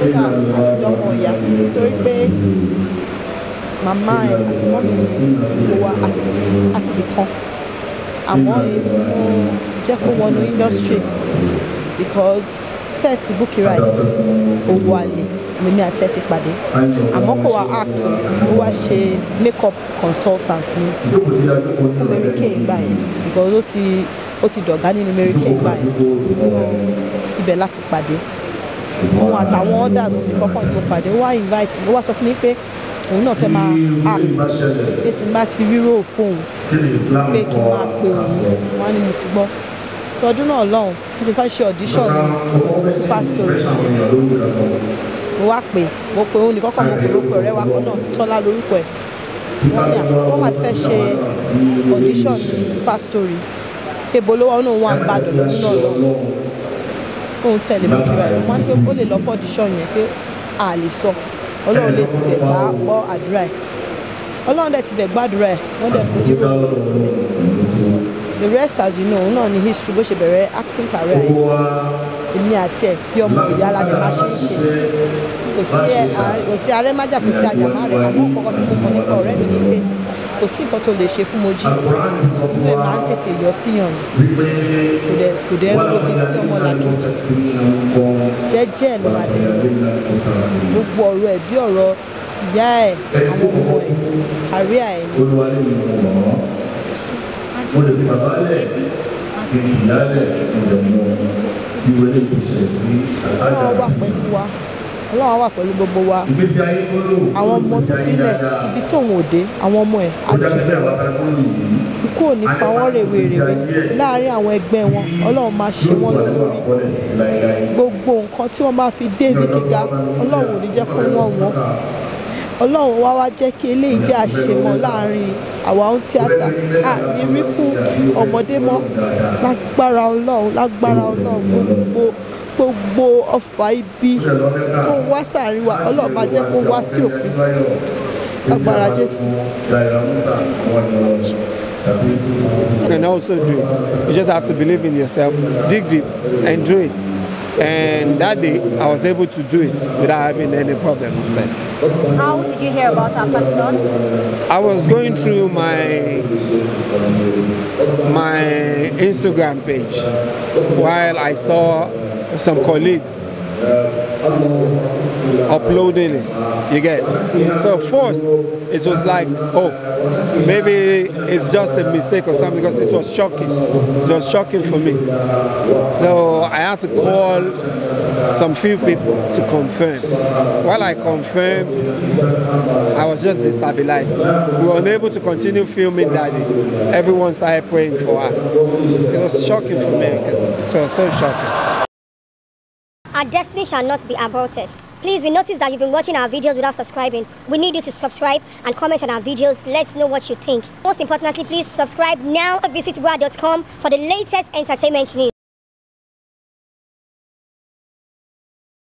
nígbà àtijọ́ ọmọ ìyá torí pé màmá ẹ àti mọ́mí mi wà àti nìkan àmọ́ mo jẹ́ kó wọnú industry because sẹ́ẹ̀sì Bukky Wright owó àlè lèmi àti ẹ ti pàdé àmọ́ kò wá act ó wá ṣe makeup consultant ní Mary Kay ìgbà yẹn because ó ti ó ti dọ̀gá nínú Mary ìgbà yẹn ibẹ̀ láti pàdé òun àtàwọn ọ̀dà ló fi kọ́kọ́ ìbò pàdé wá invite mi wá sọ fún mi pé òun náà fẹ́ máa act pé tí bá ti ríró fóun pé kí n máa pe òun wá ní mo ti gbọ́ tọdún náà lọ́hùn mo ti fẹ́ ṣe audition super story mo wá pè mo pe òun nìkan kan mo pè lóko ọ̀rẹ́ wa kan náà tọ́lá lórúkọ ẹ̀ wọ́n ní àwọn ah, máa ti fẹ́ ṣe audition ní super story pé bolówó náà wà ń bàdàn nínú ọ̀rọ̀ kó ń tẹ̀lé mọ́ kíra ẹ̀ wọ́n á pé ó lè lọ fọ́díṣọ́ yẹn pé a lè sọ ọlọ́run lè tibẹ̀ gbá gbọ́ àdúrà ẹ̀ ọlọ́run dẹ̀ tibẹ̀ gbàdúrà ẹ̀ wọ́n dẹ̀ fún irú the rest as you know òun náà ni history bó ṣe bẹ̀rẹ̀ acting career yìí èmi àti ẹ̀ bí ọmọ ìyá alájọ máa ṣe ń ṣe kò sí ààrẹ májà kò sí àjàmá rẹ̀ àmọ́ kọ́kọ́ tí mo mọ̀ nípa ọ̀rẹ́ mi ní pé kò sí nǹkan tó lè ṣe fún Mojí ìlú ẹ̀ máa ń tètè yọ síyàn ni kò dẹ̀ kò dẹ̀ ń lóbi sí ọmọ làkejì jẹ́jẹ́ ẹ̀ ló máa dé gbogbo ọ̀rọ̀ ẹ̀ bí ọ̀rọ̀ ìyá ẹ̀ àwọn ọmọ ẹ̀ àrí ẹ̀ mo lè fàbá lẹ̀ kí n ìyá lẹ̀ mo lè mọ ìwé lè fi ṣẹ̀ sí àkájà mi ọlọ́run wà pẹ̀lú gbogbo wa àwọn ọmọ tó filẹ̀ ibi tí òun ò dé àwọn ọmọ ẹ̀ àjọṣepọ̀ ikú ò ní pa wọ́n rèwe rèwe láàárín àwọn ẹgbẹ́ wọn ọlọ́run máa ṣe wọ́n lórí gbogbo nǹkan tí wọ́n máa fi dé ibi gíga ọlọ́run ò ní jẹ́ kó wọ́n wọ́n ọlọ́run wá wá jẹ́ kí eléyìí jẹ́ àṣemọ́ láàrin àwa ohun tíátà à ní ríkú ọmọdé mọ́ lágbára ọlọ́run lágbára ọlọ́run gbogbo. gbogbo ọfà ibi kó wá sàárín wa ọlọ́run máa jẹ́ kó wá sí òpin agbára jésù. You can also do it. You just have to believe in yourself, dig deep, and do it. And that day, I was able to do it without having any problem instead. How did you hear about Ampasidon? I was going through my my Instagram page while I saw some colleagues uploading it you get so first it was like oh maybe it's just a mistake or something because it was shocking it was shocking for me so i had to call some few people to confirm while i confirmed i was just destabilized we were unable to continue filming daddy everyone started praying for her it was shocking for me because it was so shocking our destiny shall not be aborted. Please, we notice that you've been watching our videos without subscribing. We need you to subscribe and comment on our videos. Let's know what you think. Most importantly, please subscribe now. Visit Bua.com for the latest entertainment news.